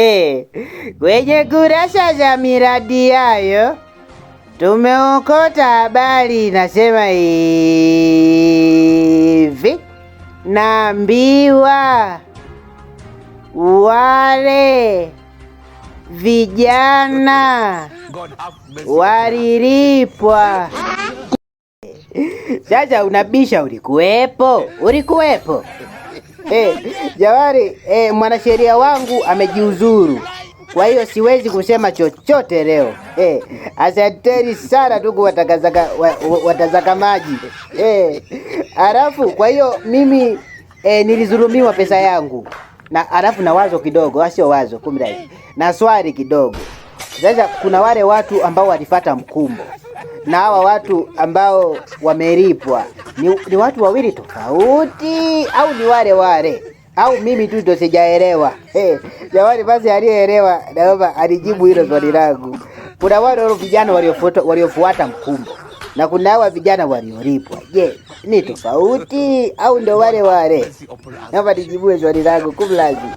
Eh, kwenye kurasa za miradi yayo tumeokota habari inasema hivi, naambiwa wale vijana walilipwa. Sasa unabisha, ulikuwepo? Ulikuwepo? eh, Jawari eh, mwanasheria wangu amejiuzuru, kwa hiyo siwezi kusema chochote leo eh. Asanteni sana ndugu maji eh. Alafu kwa hiyo mimi eh, nilizulumiwa pesa yangu na alafu na wazo kidogo, asio ah, wazo kumrai na swali kidogo. Sasa kuna wale watu ambao walifata mkumbo na hawa watu ambao wamelipwa ni, ni watu wawili tofauti au ni wale wale au mimi tu ndo sijaelewa? Hey, jamani, basi aliyeelewa naomba alijibu hilo swali langu. Kuna wale vijana waliofuata mkumbo na kuna hawa vijana waliolipwa. Je, ni tofauti au ndo wale wale? Naomba nijibue swali langu kumlazi